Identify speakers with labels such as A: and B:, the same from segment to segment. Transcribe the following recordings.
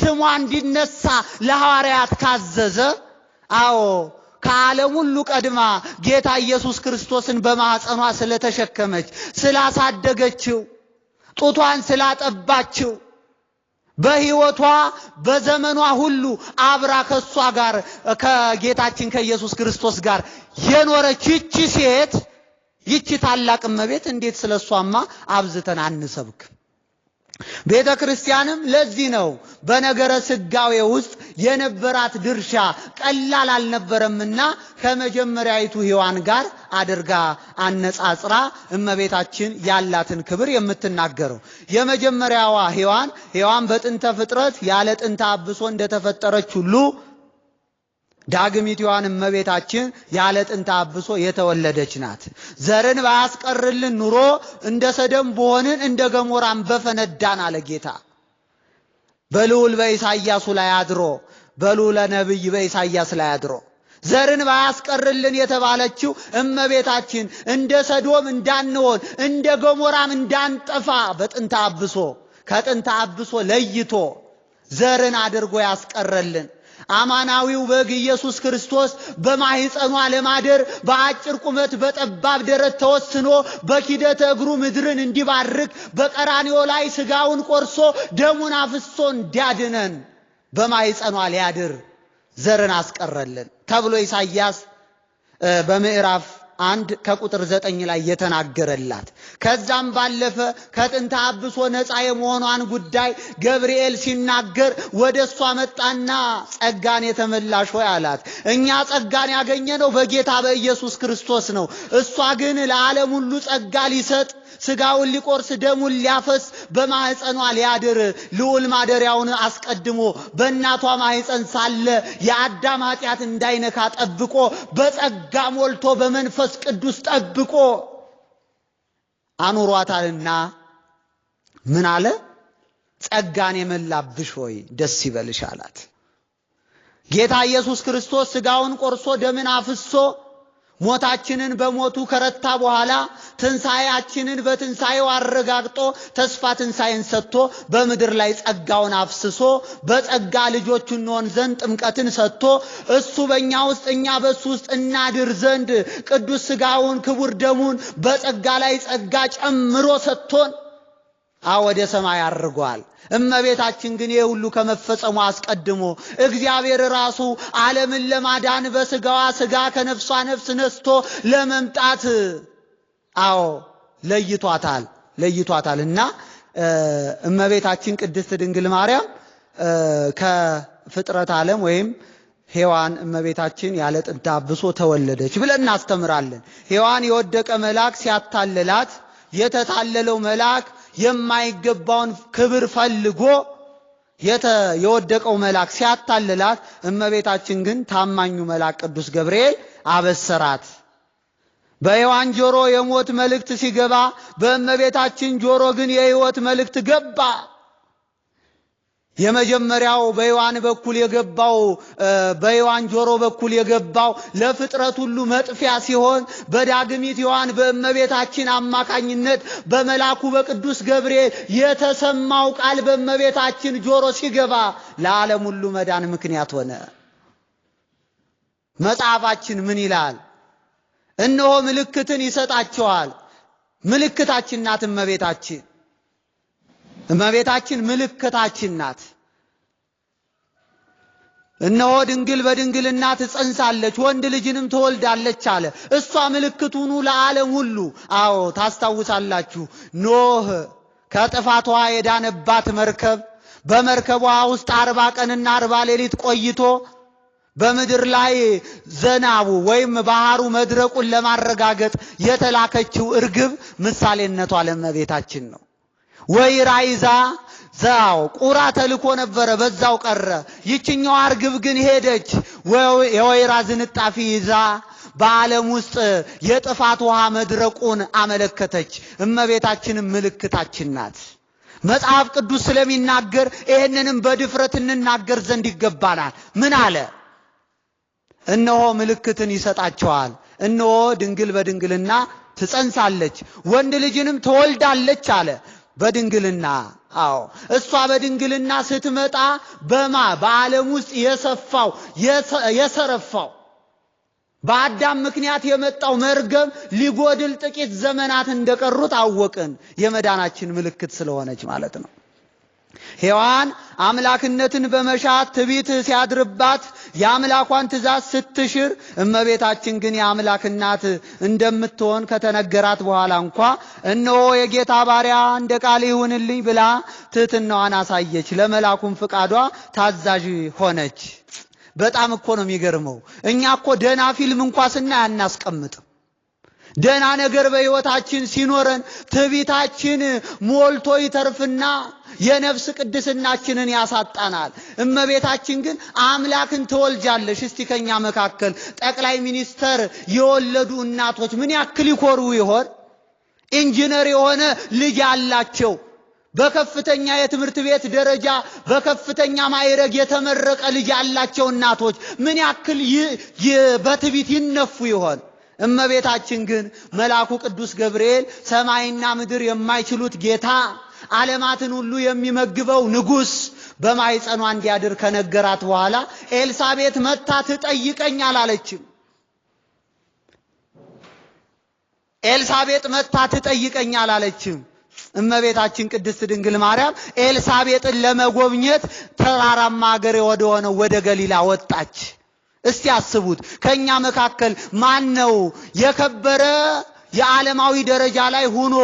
A: ስሟ እንዲነሳ ለሐዋርያት ካዘዘ፣ አዎ ከዓለም ሁሉ ቀድማ ጌታ ኢየሱስ ክርስቶስን በማኅፀኗ ስለተሸከመች፣ ስላሳደገችው፣ ጡቷን ስላጠባችው በሕይወቷ በዘመኗ ሁሉ አብራ ከእሷ ጋር ከጌታችን ከኢየሱስ ክርስቶስ ጋር የኖረች ይቺ ሴት ይቺ ታላቅ እመቤት እንዴት ስለ እሷማ አብዝተን አንሰብክም? ቤተ ክርስቲያንም ለዚህ ነው በነገረ ስጋዌ ውስጥ የነበራት ድርሻ ቀላል አልነበረምና ከመጀመሪያይቱ ሔዋን ጋር አድርጋ አነጻጽራ እመቤታችን ያላትን ክብር የምትናገረው። የመጀመሪያዋ ሔዋን ሔዋን በጥንተ ፍጥረት ያለ ጥንተ አብሶ እንደተፈጠረች ሁሉ ዮሐን እመቤታችን ያለ ጥንተ አብሶ የተወለደች ናት። ዘርን ባያስቀርልን ኑሮ እንደ ሰደም በሆንን እንደ ገሞራን በፈነዳን አለ ጌታ በልዑል በኢሳያሱ ላይ አድሮ በልዑለ ነቢይ በኢሳያስ ላይ አድሮ ዘርን ባያስቀርልን የተባለችው እመቤታችን እንደ ሰዶም እንዳንሆን እንደ ገሞራም እንዳንጠፋ በጥንተ አብሶ ከጥንተ አብሶ ለይቶ ዘርን አድርጎ ያስቀረልን አማናዊው በግ ኢየሱስ ክርስቶስ በማኅፀኗ ለማደር በአጭር ቁመት በጠባብ ደረት ተወስኖ በኪደተ እግሩ ምድርን እንዲባርክ በቀራኒዮ ላይ ስጋውን ቆርሶ ደሙን አፍሶ እንዲያድነን በማህፀኗ ሊያድር ዘርን አስቀረልን ተብሎ ኢሳይያስ በምዕራፍ አንድ ከቁጥር ዘጠኝ ላይ የተናገረላት ከዛም ባለፈ ከጥንተ አብሶ ነፃ የመሆኗን ጉዳይ ገብርኤል ሲናገር ወደ እሷ መጣና ጸጋን የተመላሽ ሆይ አላት። እኛ ጸጋን ያገኘነው በጌታ በኢየሱስ ክርስቶስ ነው። እሷ ግን ለዓለም ሁሉ ጸጋ ሊሰጥ ስጋውን ሊቆርስ ደሙን ሊያፈስ በማህፀኗ ሊያድር ልዑል ማደሪያውን አስቀድሞ በእናቷ ማህፀን ሳለ የአዳም ኃጢአት እንዳይነካ ጠብቆ በጸጋ ሞልቶ በመንፈስ ቅዱስ ጠብቆ አኑሯታልና ምን አለ? ጸጋን የመላብሽ ሆይ ደስ ይበልሽ አላት። ጌታ ኢየሱስ ክርስቶስ ስጋውን ቆርሶ ደምን አፍሶ ሞታችንን በሞቱ ከረታ በኋላ ትንሣኤያችንን በትንሣኤው አረጋግጦ ተስፋ ትንሣኤን ሰጥቶ በምድር ላይ ጸጋውን አፍስሶ በጸጋ ልጆች እንሆን ዘንድ ጥምቀትን ሰጥቶ እሱ በእኛ ውስጥ እኛ በእሱ ውስጥ እናድር ዘንድ ቅዱስ ሥጋውን ክቡር ደሙን በጸጋ ላይ ጸጋ ጨምሮ ሰጥቶን ወደ ሰማይ አድርጓል። እመቤታችን ግን ይህ ሁሉ ከመፈጸሙ አስቀድሞ እግዚአብሔር ራሱ ዓለምን ለማዳን በስጋዋ ስጋ ከነፍሷ ነፍስ ነስቶ ለመምጣት አዎ ለይቷታል ለይቷታል እና እመቤታችን ቅድስት ድንግል ማርያም ከፍጥረት ዓለም ወይም ሔዋን እመቤታችን ያለ ጥንተ አብሶ ተወለደች ብለን እናስተምራለን። ሔዋን የወደቀ መልአክ ሲያታልላት የተታለለው መልአክ የማይገባውን ክብር ፈልጎ የወደቀው መልአክ ሲያታልላት፣ እመቤታችን ግን ታማኙ መልአክ ቅዱስ ገብርኤል አበሰራት። በሔዋን ጆሮ የሞት መልእክት ሲገባ፣ በእመቤታችን ጆሮ ግን የሕይወት መልእክት ገባ። የመጀመሪያው በዮሐን በኩል የገባው በዮሐን ጆሮ በኩል የገባው ለፍጥረት ሁሉ መጥፊያ ሲሆን በዳግሚት ዮሐን በእመቤታችን አማካኝነት በመላኩ በቅዱስ ገብርኤል የተሰማው ቃል በእመቤታችን ጆሮ ሲገባ ለዓለም ሁሉ መዳን ምክንያት ሆነ። መጽሐፋችን ምን ይላል? እነሆ ምልክትን ይሰጣቸዋል። ምልክታችን ናት እመቤታችን። እመቤታችን ምልክታችን ናት። እነሆ ድንግል በድንግልና ትጸንሳለች ወንድ ልጅንም ትወልዳለች አለ። እሷ ምልክቱኑ ለዓለም ሁሉ። አዎ ታስታውሳላችሁ፣ ኖህ ከጥፋቷ የዳነባት መርከብ በመርከቧ ውስጥ አርባ ቀንና አርባ ሌሊት ቆይቶ በምድር ላይ ዘናቡ ወይም ባህሩ መድረቁን ለማረጋገጥ የተላከችው እርግብ ምሳሌነቷ ለእመቤታችን ነው። ወይራ ይዛ ዛው ቁራ ተልኮ ነበረ፣ በዛው ቀረ። ይችኛው አርግብ ግን ሄደች የወይራ ዝንጣፊ ይዛ በዓለም ውስጥ የጥፋት ውሃ መድረቁን አመለከተች። እመቤታችንም ምልክታችን ናት። መጽሐፍ ቅዱስ ስለሚናገር ይህንንም በድፍረት እንናገር ዘንድ ይገባናል። ምን አለ? እነሆ ምልክትን ይሰጣቸዋል። እነሆ ድንግል በድንግልና ትጸንሳለች፣ ወንድ ልጅንም ትወልዳለች አለ። በድንግልና አዎ እሷ በድንግልና ስትመጣ በማ በዓለም ውስጥ የሰፋው የሰረፋው በአዳም ምክንያት የመጣው መርገም ሊጎድል ጥቂት ዘመናት እንደቀሩት አወቅን። የመዳናችን ምልክት ስለሆነች ማለት ነው። ሔዋን አምላክነትን በመሻት ትቢት ሲያድርባት የአምላኳን ትእዛዝ ስትሽር፣ እመቤታችን ግን የአምላክ እናት እንደምትሆን ከተነገራት በኋላ እንኳ እነሆ የጌታ ባሪያ እንደ ቃል ይሁንልኝ ብላ ትህትናዋን አሳየች። ለመላኩም ፍቃዷ ታዛዥ ሆነች። በጣም እኮ ነው የሚገርመው። እኛ እኮ ደህና ፊልም እንኳ ስናይ አናስቀምጥም። ደህና ነገር በሕይወታችን ሲኖረን ትቢታችን ሞልቶ ይተርፍና የነፍስ ቅድስናችንን ያሳጣናል። እመቤታችን ግን አምላክን ትወልጃለሽ። እስቲ ከኛ መካከል ጠቅላይ ሚኒስተር የወለዱ እናቶች ምን ያክል ይኮሩ ይሆን? ኢንጂነር የሆነ ልጅ አላቸው። በከፍተኛ የትምህርት ቤት ደረጃ በከፍተኛ ማዕረግ የተመረቀ ልጅ ያላቸው እናቶች ምን ያክል በትቢት ይነፉ ይሆን? እመቤታችን ግን መልአኩ ቅዱስ ገብርኤል ሰማይና ምድር የማይችሉት ጌታ ዓለማትን ሁሉ የሚመግበው ንጉሥ በማይጸኗ እንዲያድር ከነገራት በኋላ ኤልሳቤት መታ ትጠይቀኝ አላለችም። ኤልሳቤጥ መታ ትጠይቀኝ አላለችም። እመቤታችን ቅድስት ድንግል ማርያም ኤልሳቤጥን ለመጎብኘት ተራራማ ሀገር ወደ ሆነው ወደ ገሊላ ወጣች። እስቲ አስቡት፣ ከኛ መካከል ማን ነው የከበረ የዓለማዊ ደረጃ ላይ ሆኖ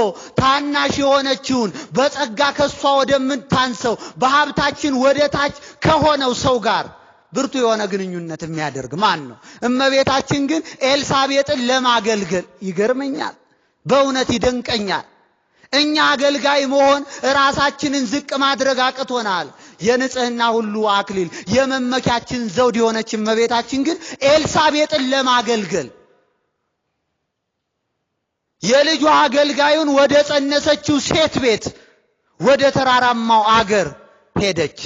A: ታናሽ የሆነችውን በጸጋ ከሷ ወደምታንሰው በሀብታችን ወደ ታች ከሆነው ሰው ጋር ብርቱ የሆነ ግንኙነት የሚያደርግ ማን ነው? እመቤታችን ግን ኤልሳቤጥን ለማገልገል ይገርመኛል፣ በእውነት ይደንቀኛል። እኛ አገልጋይ መሆን ራሳችንን ዝቅ ማድረግ አቅቶናል። የንጽህና ሁሉ አክሊል የመመኪያችን ዘውድ የሆነች እመቤታችን ግን ኤልሳቤጥን ለማገልገል የልጁ አገልጋዩን ወደ ጸነሰችው ሴት ቤት ወደ ተራራማው አገር ሄደች።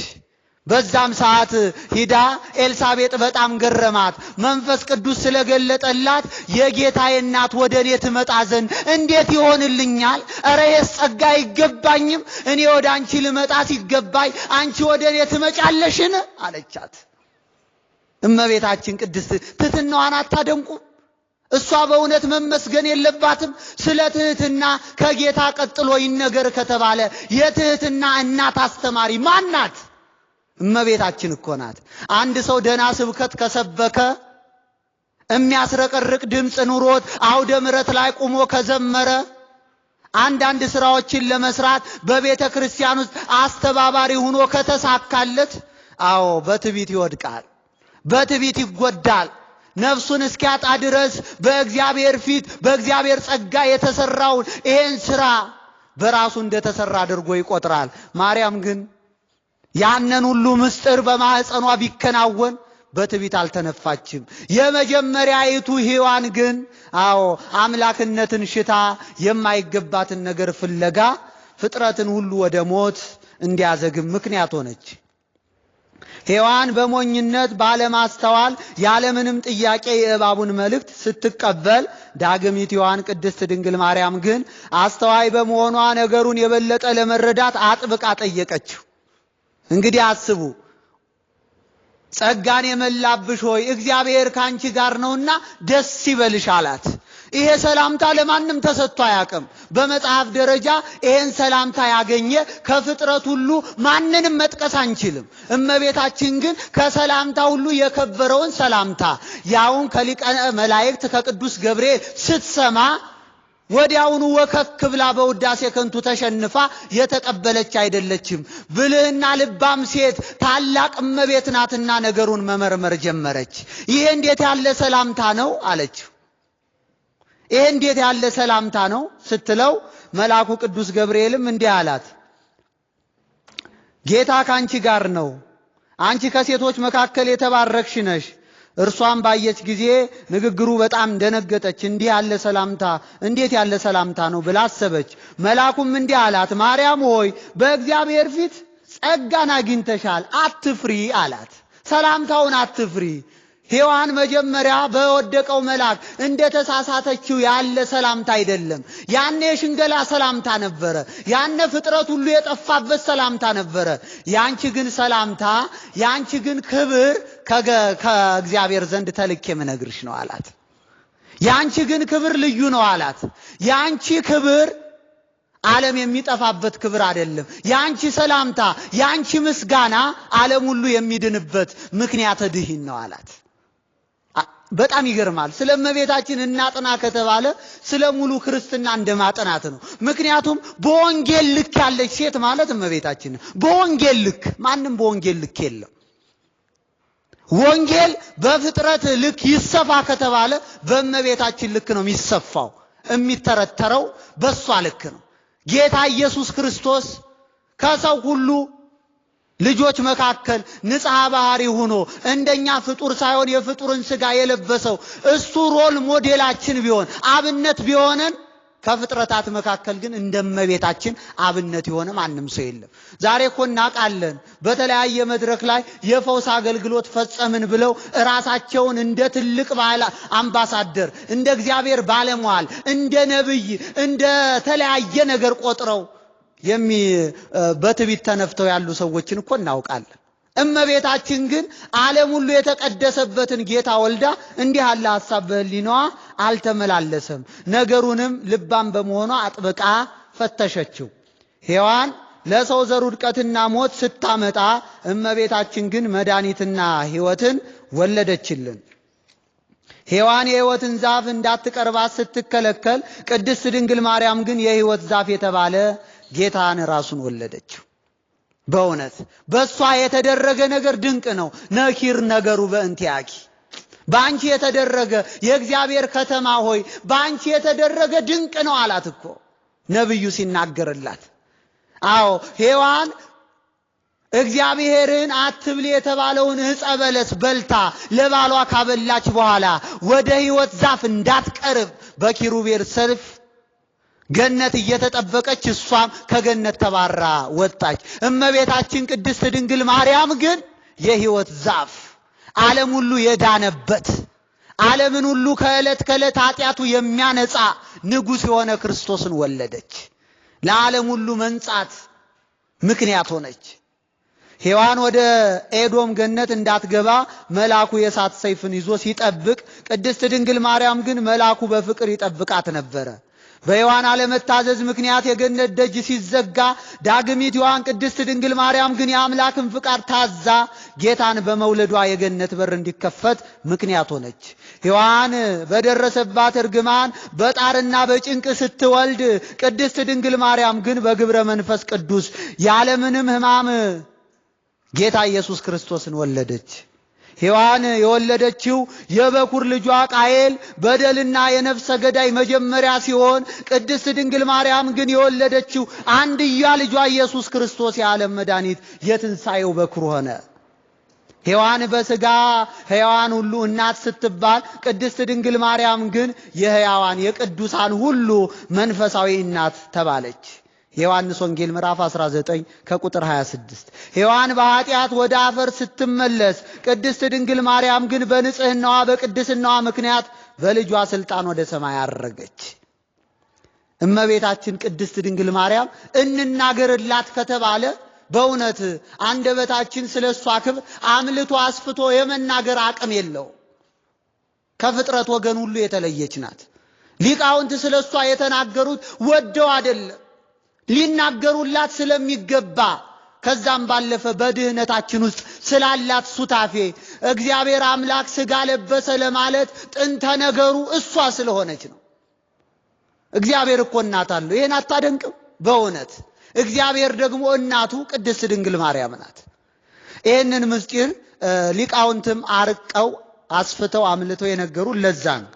A: በዛም ሰዓት ሂዳ ኤልሳቤጥ በጣም ገረማት። መንፈስ ቅዱስ ስለገለጠላት የጌታዬ እናት ወደ እኔ ትመጣ ዘንድ እንዴት ይሆንልኛል? እረ ይሄስ ጸጋ አይገባኝም። እኔ ወደ አንቺ ልመጣ ሲገባኝ አንቺ ወደ እኔ ትመጫለሽን? አለቻት። እመቤታችን ቅድስት ትሕትናዋን አታደንቁም? እሷ በእውነት መመስገን የለባትም? ስለ ትህትና ከጌታ ቀጥሎ ይነገር ከተባለ የትህትና እናት አስተማሪ ማን ናት? እመቤታችን እኮ ናት። አንድ ሰው ደህና ስብከት ከሰበከ የሚያስረቀርቅ ድምፅ ኑሮት አውደ ምረት ላይ ቁሞ ከዘመረ አንዳንድ ስራዎችን ለመስራት በቤተ ክርስቲያን ውስጥ አስተባባሪ ሆኖ ከተሳካለት፣ አዎ በትቢት ይወድቃል፣ በትቢት ይጎዳል። ነፍሱን እስኪያጣ ድረስ በእግዚአብሔር ፊት በእግዚአብሔር ጸጋ የተሰራውን ይሄን ስራ በራሱ እንደተሰራ አድርጎ ይቆጥራል። ማርያም ግን ያንን ሁሉ ምስጢር በማህፀኗ ቢከናወን በትቢት አልተነፋችም። የመጀመሪያይቱ ሔዋን ግን አዎ አምላክነትን ሽታ የማይገባትን ነገር ፍለጋ ፍጥረትን ሁሉ ወደ ሞት እንዲያዘግም ምክንያት ሆነች። ሔዋን በሞኝነት ባለማስተዋል ያለምንም ጥያቄ የእባቡን መልእክት ስትቀበል፣ ዳግሚት ሔዋን ቅድስት ድንግል ማርያም ግን አስተዋይ በመሆኗ ነገሩን የበለጠ ለመረዳት አጥብቃ ጠየቀችው። እንግዲህ አስቡ ጸጋን የመላብሽ ሆይ እግዚአብሔር ካንቺ ጋር ነውና ደስ ይበልሽ አላት። ይሄ ሰላምታ ለማንም ተሰጥቶ አያውቅም። በመጽሐፍ ደረጃ ይሄን ሰላምታ ያገኘ ከፍጥረት ሁሉ ማንንም መጥቀስ አንችልም። እመቤታችን ግን ከሰላምታ ሁሉ የከበረውን ሰላምታ ያውን ከሊቀ መላእክት ከቅዱስ ገብርኤል ስትሰማ ወዲያውኑ ወከክ ብላ በውዳሴ ከንቱ ተሸንፋ የተቀበለች አይደለችም። ብልህና ልባም ሴት ታላቅ እመቤት ናትና ነገሩን መመርመር ጀመረች። ይሄ እንዴት ያለ ሰላምታ ነው አለችው። ይሄ እንዴት ያለ ሰላምታ ነው ስትለው መልአኩ ቅዱስ ገብርኤልም እንዲህ አላት፣ ጌታ ከአንቺ ጋር ነው፣ አንቺ ከሴቶች መካከል የተባረክሽ ነሽ። እርሷም ባየች ጊዜ ንግግሩ በጣም ደነገጠች። እንዲህ ያለ ሰላምታ እንዴት ያለ ሰላምታ ነው ብላ አሰበች። መልአኩም እንዲህ አላት፣ ማርያም ሆይ በእግዚአብሔር ፊት ጸጋን አግኝተሻል፣ አትፍሪ አላት። ሰላምታውን አትፍሪ ሔዋን መጀመሪያ በወደቀው መልአክ እንደተሳሳተችው ያለ ሰላምታ አይደለም። ያነ የሽንገላ ሰላምታ ነበረ። ያነ ፍጥረት ሁሉ የጠፋበት ሰላምታ ነበረ። ያንቺ ግን ሰላምታ፣ ያንቺ ግን ክብር ከእግዚአብሔር ዘንድ ተልኬ የምነግርሽ ነው አላት። ያንቺ ግን ክብር ልዩ ነው አላት። ያንቺ ክብር ዓለም የሚጠፋበት ክብር አይደለም። ያንቺ ሰላምታ፣ ያንቺ ምስጋና ዓለም ሁሉ የሚድንበት ምክንያት ድህን ነው አላት። በጣም ይገርማል። ስለ እመቤታችን እናጥና ከተባለ ስለ ሙሉ ክርስትና እንደማጠናት ነው። ምክንያቱም በወንጌል ልክ ያለች ሴት ማለት እመቤታችን በወንጌል ልክ ማንም በወንጌል ልክ የለም። ወንጌል በፍጥረት ልክ ይሰፋ ከተባለ በእመቤታችን ልክ ነው የሚሰፋው፣ የሚተረተረው በእሷ ልክ ነው። ጌታ ኢየሱስ ክርስቶስ ከሰው ሁሉ ልጆች መካከል ንጽሐ ባህሪ ሆኖ እንደኛ ፍጡር ሳይሆን የፍጡርን ስጋ የለበሰው እሱ ሮል ሞዴላችን ቢሆን አብነት ቢሆነን ከፍጥረታት መካከል ግን እንደመቤታችን አብነት የሆነ ማንም ሰው የለም። ዛሬ እኮ እናውቃለን። በተለያየ መድረክ ላይ የፈውስ አገልግሎት ፈጸምን ብለው ራሳቸውን እንደ ትልቅ ባህል አምባሳደር፣ እንደ እግዚአብሔር ባለሟል፣ እንደ ነብይ፣ እንደ ተለያየ ነገር ቆጥረው በትቢት ተነፍተው ያሉ ሰዎችን እኮ እናውቃለን። እመቤታችን ግን ዓለም ሁሉ የተቀደሰበትን ጌታ ወልዳ እንዲህ አለ ሐሳብ በህሊናዋ አልተመላለሰም። ነገሩንም ልባም በመሆኗ አጥብቃ ፈተሸችው። ሔዋን ለሰው ዘር ውድቀትና ሞት ስታመጣ፣ እመቤታችን ግን መድኃኒትና ሕይወትን ወለደችልን። ሔዋን የሕይወትን ዛፍ እንዳትቀርባት ስትከለከል፣ ቅድስት ድንግል ማርያም ግን የሕይወት ዛፍ የተባለ ጌታን ራሱን ወለደችው። በእውነት በእሷ የተደረገ ነገር ድንቅ ነው። ነኪር ነገሩ በእንቲያኪ በአንቺ የተደረገ የእግዚአብሔር ከተማ ሆይ በአንቺ የተደረገ ድንቅ ነው አላት እኮ ነቢዩ ሲናገርላት። አዎ ሔዋን እግዚአብሔርን አትብል የተባለውን ዕፀ በለስ በልታ ለባሏ ካበላች በኋላ ወደ ሕይወት ዛፍ እንዳትቀርብ በኪሩቤል ሰልፍ ገነት እየተጠበቀች እሷም ከገነት ተባራ ወጣች። እመቤታችን ቅድስት ድንግል ማርያም ግን የሕይወት ዛፍ ዓለም ሁሉ የዳነበት ዓለምን ሁሉ ከዕለት ከዕለት ኃጢአቱ የሚያነጻ ንጉሥ የሆነ ክርስቶስን ወለደች። ለዓለም ሁሉ መንጻት ምክንያት ሆነች። ሔዋን ወደ ኤዶም ገነት እንዳትገባ መልአኩ የእሳት ሰይፍን ይዞ ሲጠብቅ፣ ቅድስት ድንግል ማርያም ግን መልአኩ በፍቅር ይጠብቃት ነበረ። በዮሐን አለመታዘዝ ምክንያት የገነት ደጅ ሲዘጋ ዳግሚት ዮሐን ቅድስት ድንግል ማርያም ግን የአምላክን ፍቃድ ታዛ ጌታን በመውለዷ የገነት በር እንዲከፈት ምክንያት ሆነች። ዮሐን በደረሰባት እርግማን በጣርና በጭንቅ ስትወልድ፣ ቅድስት ድንግል ማርያም ግን በግብረ መንፈስ ቅዱስ ያለምንም ሕማም ጌታ ኢየሱስ ክርስቶስን ወለደች። ሔዋን የወለደችው የበኩር ልጇ ቃየል በደልና የነፍሰ ገዳይ መጀመሪያ ሲሆን ቅድስት ድንግል ማርያም ግን የወለደችው አንድያ ልጇ ኢየሱስ ክርስቶስ የዓለም መድኃኒት የትንሣኤው በኩር ሆነ። ሔዋን በሥጋ ሕያዋን ሁሉ እናት ስትባል፣ ቅድስት ድንግል ማርያም ግን የሕያዋን የቅዱሳን ሁሉ መንፈሳዊ እናት ተባለች። የዮሐንስ ወንጌል ምዕራፍ 19 ከቁጥር 26 ሔዋን በኃጢአት ወደ አፈር ስትመለስ ቅድስት ድንግል ማርያም ግን በንጽህናዋ በቅድስናዋ ምክንያት በልጇ ሥልጣን ወደ ሰማይ አረገች። እመቤታችን ቅድስት ድንግል ማርያም እንናገርላት ከተባለ በእውነት አንደበታችን ስለ እሷ ክብር አምልቶ አስፍቶ የመናገር አቅም የለው። ከፍጥረት ወገን ሁሉ የተለየች ናት። ሊቃውንት ስለ እሷ የተናገሩት ወደው አይደለም ሊናገሩላት ስለሚገባ ከዛም ባለፈ በድህነታችን ውስጥ ስላላት ሱታፌ እግዚአብሔር አምላክ ስጋ ለበሰ ለማለት ጥንተ ነገሩ እሷ ስለሆነች ነው። እግዚአብሔር እኮ እናት አለው። ይህን አታደንቅም? በእውነት እግዚአብሔር ደግሞ እናቱ ቅድስት ድንግል ማርያም ናት። ይህንን ምስጢር ሊቃውንትም አርቀው አስፍተው አምልተው የነገሩ ለዛ ነው።